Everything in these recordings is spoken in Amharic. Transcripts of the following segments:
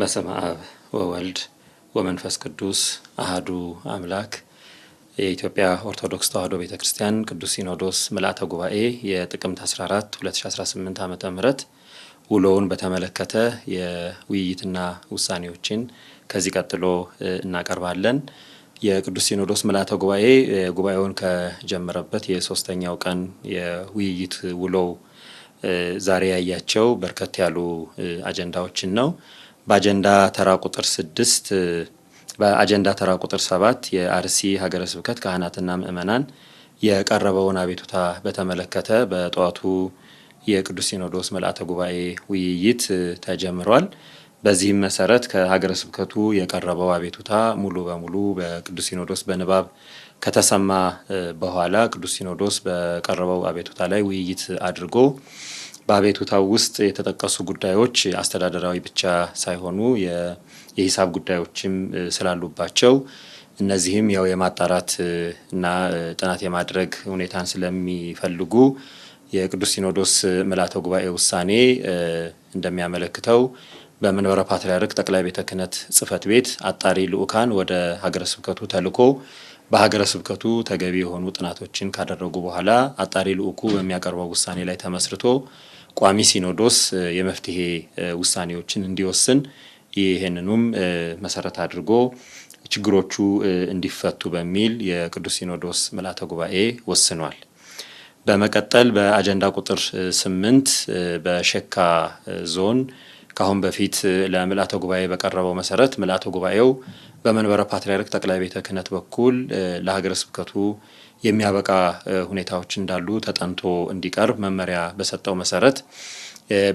በስመ አብ ወወልድ ወመንፈስ ቅዱስ አህዱ አምላክ። የኢትዮጵያ ኦርቶዶክስ ተዋሕዶ ቤተ ክርስቲያን ቅዱስ ሲኖዶስ ምልአተ ጉባኤ የጥቅምት 14 2018 ዓ ም ውሎውን በተመለከተ የውይይትና ውሳኔዎችን ከዚህ ቀጥሎ እናቀርባለን። የቅዱስ ሲኖዶስ ምልአተ ጉባኤ ጉባኤውን ከጀመረበት የሶስተኛው ቀን የውይይት ውሎው ዛሬ ያያቸው በርከት ያሉ አጀንዳዎችን ነው። በአጀንዳ ተራ ቁጥር ስድስት በአጀንዳ ተራ ቁጥር ሰባት የአርሲ ሀገረ ስብከት ካህናትና ምእመናን የቀረበውን አቤቱታ በተመለከተ በጠዋቱ የቅዱስ ሲኖዶስ መልአተ ጉባኤ ውይይት ተጀምሯል። በዚህም መሰረት ከሀገረ ስብከቱ የቀረበው አቤቱታ ሙሉ በሙሉ በቅዱስ ሲኖዶስ በንባብ ከተሰማ በኋላ ቅዱስ ሲኖዶስ በቀረበው አቤቱታ ላይ ውይይት አድርጎ በአቤቱታው ውስጥ የተጠቀሱ ጉዳዮች አስተዳደራዊ ብቻ ሳይሆኑ የሂሳብ ጉዳዮችም ስላሉባቸው እነዚህም ያው የማጣራት እና ጥናት የማድረግ ሁኔታን ስለሚፈልጉ የቅዱስ ሲኖዶስ ምልዓተ ጉባኤ ውሳኔ እንደሚያመለክተው በመንበረ ፓትርያርክ ጠቅላይ ቤተ ክህነት ጽሕፈት ቤት አጣሪ ልዑካን ወደ ሀገረ ስብከቱ ተልኮ በሀገረ ስብከቱ ተገቢ የሆኑ ጥናቶችን ካደረጉ በኋላ አጣሪ ልዑኩ በሚያቀርበው ውሳኔ ላይ ተመስርቶ ቋሚ ሲኖዶስ የመፍትሄ ውሳኔዎችን እንዲወስን ይህንኑም መሰረት አድርጎ ችግሮቹ እንዲፈቱ በሚል የቅዱስ ሲኖዶስ ምልዓተ ጉባኤ ወስኗል። በመቀጠል በአጀንዳ ቁጥር ስምንት በሸካ ዞን ከአሁን በፊት ለምልዓተ ጉባኤ በቀረበው መሰረት ምልዓተ ጉባኤው በመንበረ ፓትርያርክ ጠቅላይ ቤተ ክህነት በኩል ለሀገረ ስብከቱ የሚያበቃ ሁኔታዎች እንዳሉ ተጠንቶ እንዲቀርብ መመሪያ በሰጠው መሰረት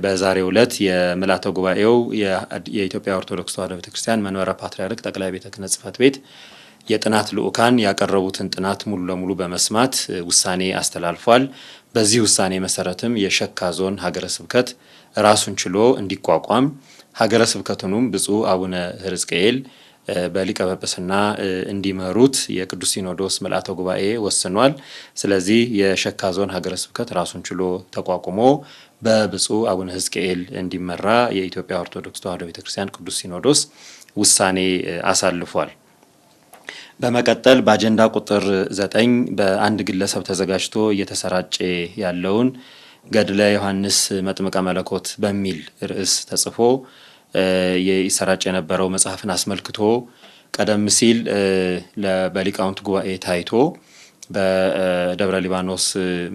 በዛሬው ዕለት የምልዓተ ጉባኤው የኢትዮጵያ ኦርቶዶክስ ተዋሕዶ ቤተክርስቲያን መንበረ ፓትርያርክ ጠቅላይ ቤተ ክህነት ጽሕፈት ቤት የጥናት ልዑካን ያቀረቡትን ጥናት ሙሉ ለሙሉ በመስማት ውሳኔ አስተላልፏል። በዚህ ውሳኔ መሰረትም የሸካ ዞን ሀገረ ስብከት ራሱን ችሎ እንዲቋቋም ሀገረ ስብከቱንም ብፁዕ አቡነ ሕዝቅኤል በሊቀ ጵጵስና እንዲመሩት የቅዱስ ሲኖዶስ ምልአተ ጉባኤ ወስኗል። ስለዚህ የሸካ ዞን ሀገረ ስብከት ራሱን ችሎ ተቋቁሞ በብፁዕ አቡነ ሕዝቅኤል እንዲመራ የኢትዮጵያ ኦርቶዶክስ ተዋሕዶ ቤተክርስቲያን ቅዱስ ሲኖዶስ ውሳኔ አሳልፏል። በመቀጠል በአጀንዳ ቁጥር ዘጠኝ በአንድ ግለሰብ ተዘጋጅቶ እየተሰራጨ ያለውን ገድለ ዮሐንስ መጥምቀ መለኮት በሚል ርዕስ ተጽፎ ይሰራጭ የነበረው መጽሐፍን አስመልክቶ ቀደም ሲል በሊቃውንት ጉባኤ ታይቶ በደብረ ሊባኖስ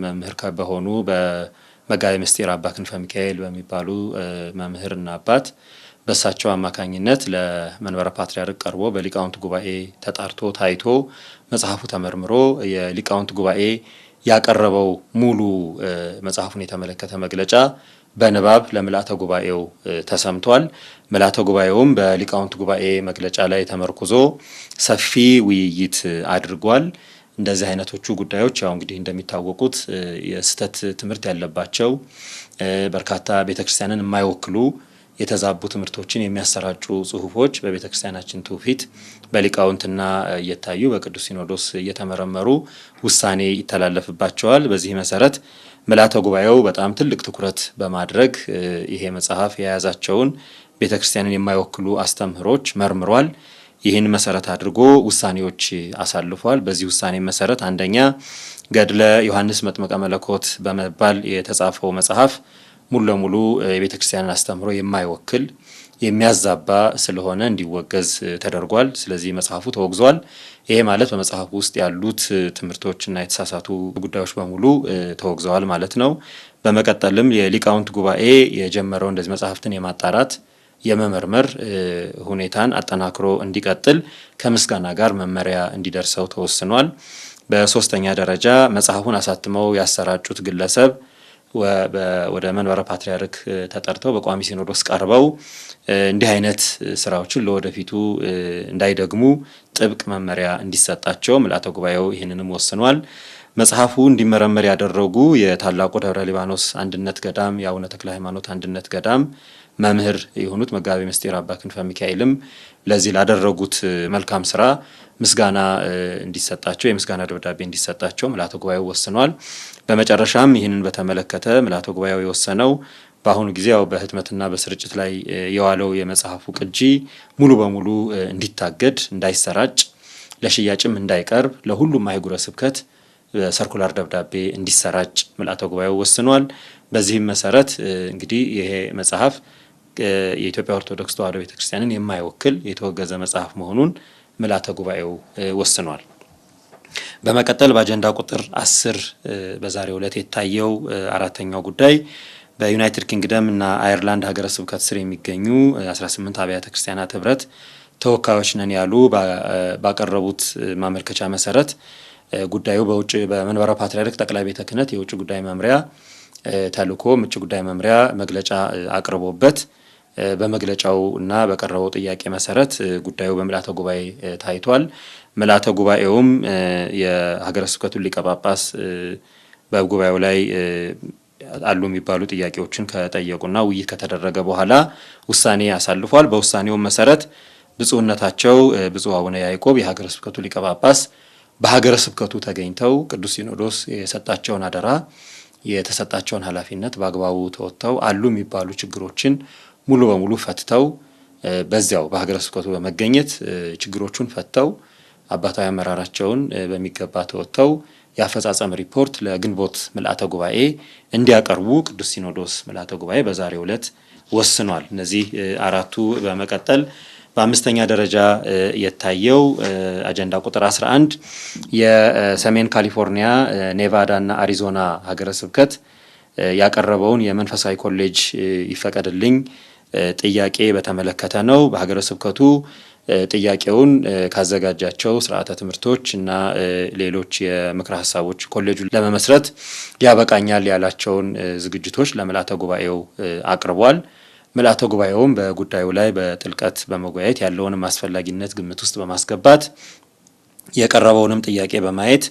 መምህር በሆኑ በመጋቤ ምስጢር አባ ክንፈ ሚካኤል በሚባሉ መምህርና አባት በእሳቸው አማካኝነት ለመንበረ ፓትርያርክ ቀርቦ በሊቃውንት ጉባኤ ተጣርቶ ታይቶ መጽሐፉ ተመርምሮ የሊቃውንት ጉባኤ ያቀረበው ሙሉ መጽሐፉን የተመለከተ መግለጫ በንባብ ለምልአተ ጉባኤው ተሰምቷል። ምልአተ ጉባኤውም በሊቃውንት ጉባኤ መግለጫ ላይ ተመርኩዞ ሰፊ ውይይት አድርጓል። እንደዚህ አይነቶቹ ጉዳዮች ያው እንግዲህ እንደሚታወቁት የስህተት ትምህርት ያለባቸው በርካታ ቤተክርስቲያንን የማይወክሉ የተዛቡ ትምህርቶችን የሚያሰራጩ ጽሁፎች በቤተ ክርስቲያናችን ትውፊት በሊቃውንትና እየታዩ በቅዱስ ሲኖዶስ እየተመረመሩ ውሳኔ ይተላለፍባቸዋል። በዚህ መሰረት ምልዓተ ጉባኤው በጣም ትልቅ ትኩረት በማድረግ ይሄ መጽሐፍ የያዛቸውን ቤተ ክርስቲያንን የማይወክሉ አስተምህሮች መርምሯል። ይህን መሰረት አድርጎ ውሳኔዎች አሳልፏል። በዚህ ውሳኔ መሰረት አንደኛ ገድለ ዮሐንስ መጥመቀ መለኮት በመባል የተጻፈው መጽሐፍ ሙሉ ለሙሉ የቤተ ክርስቲያንን አስተምሮ የማይወክል የሚያዛባ ስለሆነ እንዲወገዝ ተደርጓል። ስለዚህ መጽሐፉ ተወግዟል። ይሄ ማለት በመጽሐፉ ውስጥ ያሉት ትምህርቶችና የተሳሳቱ ጉዳዮች በሙሉ ተወግዘዋል ማለት ነው። በመቀጠልም የሊቃውንት ጉባኤ የጀመረው እንደዚህ መጽሐፍትን የማጣራት የመመርመር ሁኔታን አጠናክሮ እንዲቀጥል ከምስጋና ጋር መመሪያ እንዲደርሰው ተወስኗል። በሶስተኛ ደረጃ መጽሐፉን አሳትመው ያሰራጩት ግለሰብ ወደ መንበረ ፓትሪያርክ ተጠርተው በቋሚ ሲኖዶስ ቀርበው እንዲህ አይነት ስራዎችን ለወደፊቱ እንዳይደግሙ ጥብቅ መመሪያ እንዲሰጣቸው ምላተ ጉባኤው ይህንንም ወስኗል። መጽሐፉ እንዲመረመር ያደረጉ የታላቁ ደብረ ሊባኖስ አንድነት ገዳም፣ የአቡነ ተክለ ሃይማኖት አንድነት ገዳም መምህር የሆኑት መጋቤ ምስጢር አባ ክንፈ ሚካኤልም ለዚህ ላደረጉት መልካም ስራ ምስጋና እንዲሰጣቸው የምስጋና ደብዳቤ እንዲሰጣቸው ምልዓተ ጉባኤው ወስኗል። በመጨረሻም ይህንን በተመለከተ ምልዓተ ጉባኤው የወሰነው በአሁኑ ጊዜ ያው በህትመትና በስርጭት ላይ የዋለው የመጽሐፉ ቅጂ ሙሉ በሙሉ እንዲታገድ፣ እንዳይሰራጭ፣ ለሽያጭም እንዳይቀርብ ለሁሉም አህጉረ ስብከት በሰርኩላር ደብዳቤ እንዲሰራጭ ምልዓተ ጉባኤው ወስኗል። በዚህም መሰረት እንግዲህ ይሄ መጽሐፍ የኢትዮጵያ ኦርቶዶክስ ተዋሕዶ ቤተክርስቲያንን የማይወክል የተወገዘ መጽሐፍ መሆኑን ምልዓተ ጉባኤው ወስኗል። በመቀጠል በአጀንዳ ቁጥር አስር በዛሬው ዕለት የታየው አራተኛው ጉዳይ በዩናይትድ ኪንግደም እና አየርላንድ ሀገረ ስብከት ስር የሚገኙ 18 አብያተ ክርስቲያናት ህብረት ተወካዮች ነን ያሉ ባቀረቡት ማመልከቻ መሰረት ጉዳዩ በውጭ በመንበረ ፓትርያርክ ጠቅላይ ቤተ ክህነት የውጭ ጉዳይ መምሪያ ተልኮ ምጭ ጉዳይ መምሪያ መግለጫ አቅርቦበት በመግለጫው እና በቀረበው ጥያቄ መሰረት ጉዳዩ በምልአተ ጉባኤ ታይቷል። ምልአተ ጉባኤውም የሀገረ ስብከቱን ሊቀ ጳጳስ በጉባኤው ላይ አሉ የሚባሉ ጥያቄዎችን ከጠየቁና ውይይት ከተደረገ በኋላ ውሳኔ አሳልፏል። በውሳኔውም መሰረት ብፁዕነታቸው ብፁዕ አቡነ ያዕቆብ የሀገረ ስብከቱ ሊቀ ጳጳስ በሀገረ ስብከቱ ተገኝተው ቅዱስ ሲኖዶስ የሰጣቸውን አደራ የተሰጣቸውን ኃላፊነት በአግባቡ ተወጥተው አሉ የሚባሉ ችግሮችን ሙሉ በሙሉ ፈትተው በዚያው በሀገረ ስብከቱ በመገኘት ችግሮቹን ፈትተው አባታዊ አመራራቸውን በሚገባ ተወጥተው የአፈጻጸም ሪፖርት ለግንቦት ምልአተ ጉባኤ እንዲያቀርቡ ቅዱስ ሲኖዶስ ምልአተ ጉባኤ በዛሬው ዕለት ወስኗል። እነዚህ አራቱ በመቀጠል በአምስተኛ ደረጃ የታየው አጀንዳ ቁጥር 11 የሰሜን ካሊፎርኒያ ኔቫዳ እና አሪዞና ሀገረ ስብከት ያቀረበውን የመንፈሳዊ ኮሌጅ ይፈቀድልኝ ጥያቄ በተመለከተ ነው። በሀገረ ስብከቱ ጥያቄውን ካዘጋጃቸው ስርዓተ ትምህርቶች እና ሌሎች የምክረ ሀሳቦች ኮሌጁ ለመመስረት ያበቃኛል ያላቸውን ዝግጅቶች ለምላተ ጉባኤው አቅርቧል። ምልአተ ጉባኤውም በጉዳዩ ላይ በጥልቀት በመወያየት ያለውንም አስፈላጊነት ግምት ውስጥ በማስገባት የቀረበውንም ጥያቄ በማየት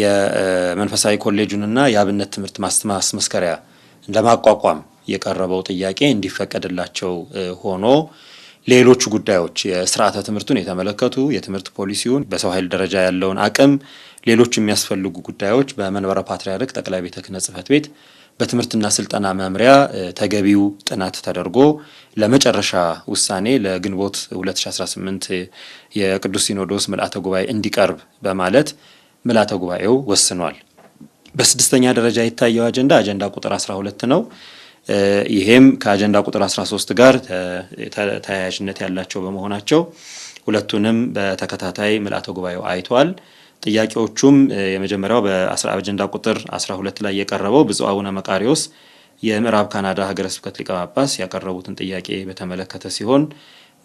የመንፈሳዊ ኮሌጁንና የአብነት ትምህርት ማስመስከሪያ ለማቋቋም የቀረበው ጥያቄ እንዲፈቀድላቸው ሆኖ ሌሎቹ ጉዳዮች የስርዓተ ትምህርቱን የተመለከቱ የትምህርት ፖሊሲውን፣ በሰው ኃይል ደረጃ ያለውን አቅም፣ ሌሎች የሚያስፈልጉ ጉዳዮች በመንበረ ፓትርያርክ ጠቅላይ ቤተ ክህነት ጽሕፈት ቤት በትምህርትና ስልጠና መምሪያ ተገቢው ጥናት ተደርጎ ለመጨረሻ ውሳኔ ለግንቦት 2018 የቅዱስ ሲኖዶስ ምልአተ ጉባኤ እንዲቀርብ በማለት ምልአተ ጉባኤው ወስኗል። በስድስተኛ ደረጃ የታየው አጀንዳ አጀንዳ ቁጥር 12 ነው። ይሄም ከአጀንዳ ቁጥር 13 ጋር ተያያዥነት ያላቸው በመሆናቸው ሁለቱንም በተከታታይ ምልአተ ጉባኤው አይቷል። ጥያቄዎቹም የመጀመሪያው በአጀንዳ ቁጥር 12 ላይ የቀረበው ብፁዕ አቡነ መቃሪዎስ የምዕራብ ካናዳ ሀገረ ስብከት ሊቀ ጳጳስ ያቀረቡትን ጥያቄ በተመለከተ ሲሆን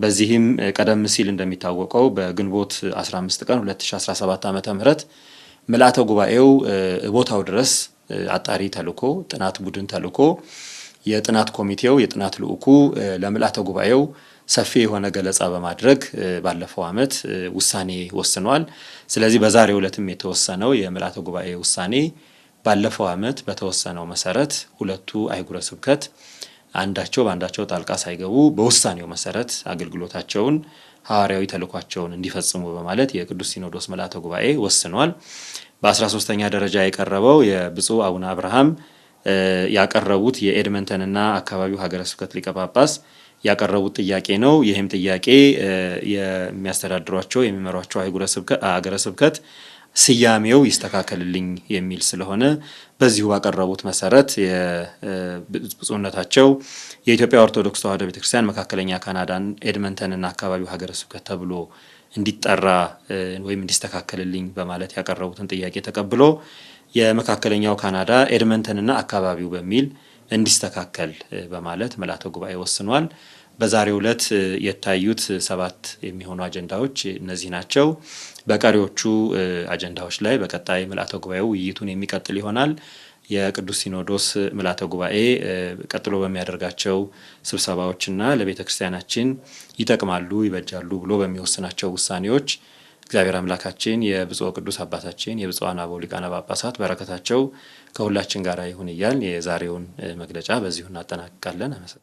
በዚህም ቀደም ሲል እንደሚታወቀው በግንቦት 15 ቀን 2017 ዓ ም ምልአተ ጉባኤው ቦታው ድረስ አጣሪ ተልኮ ጥናት ቡድን ተልኮ የጥናት ኮሚቴው የጥናት ልዑኩ ለምልአተ ጉባኤው ሰፊ የሆነ ገለጻ በማድረግ ባለፈው ዓመት ውሳኔ ወስኗል። ስለዚህ በዛሬው ዕለትም የተወሰነው የምልአተ ጉባኤ ውሳኔ ባለፈው ዓመት በተወሰነው መሰረት ሁለቱ አህጉረ ስብከት አንዳቸው በአንዳቸው ጣልቃ ሳይገቡ በውሳኔው መሰረት አገልግሎታቸውን ሐዋርያዊ ተልኳቸውን እንዲፈጽሙ በማለት የቅዱስ ሲኖዶስ ምልአተ ጉባኤ ወስኗል። በ13ኛ ደረጃ የቀረበው የብፁዕ አቡነ አብርሃም ያቀረቡት የኤድመንተንና አካባቢው ሀገረ ስብከት ሊቀ ጳጳስ ያቀረቡት ጥያቄ ነው። ይህም ጥያቄ የሚያስተዳድሯቸው የሚመሯቸው ሀገረ ስብከት ስያሜው ይስተካከልልኝ የሚል ስለሆነ በዚሁ ባቀረቡት መሰረት ብፁዕነታቸው የኢትዮጵያ ኦርቶዶክስ ተዋሕዶ ቤተክርስቲያን መካከለኛ ካናዳን ኤድመንተንና አካባቢው ሀገረ ስብከት ተብሎ እንዲጠራ ወይም እንዲስተካከልልኝ በማለት ያቀረቡትን ጥያቄ ተቀብሎ የመካከለኛው ካናዳ ኤድመንተንና አካባቢው በሚል እንዲስተካከል በማለት መላተ ጉባኤ ወስኗል። በዛሬው ዕለት የታዩት ሰባት የሚሆኑ አጀንዳዎች እነዚህ ናቸው። በቀሪዎቹ አጀንዳዎች ላይ በቀጣይ መላተ ጉባኤው ውይይቱን የሚቀጥል ይሆናል። የቅዱስ ሲኖዶስ ምልዓተ ጉባኤ ቀጥሎ በሚያደርጋቸው ስብሰባዎችና ለቤተ ክርስቲያናችን ይጠቅማሉ፣ ይበጃሉ ብሎ በሚወስናቸው ውሳኔዎች እግዚአብሔር አምላካችን የብፁዕ ቅዱስ አባታችን የብፁዓን አበው ሊቃነ ጳጳሳት በረከታቸው ከሁላችን ጋር ይሁን እያል የዛሬውን መግለጫ በዚሁ እናጠናቅቃለን። አመሰግናለሁ።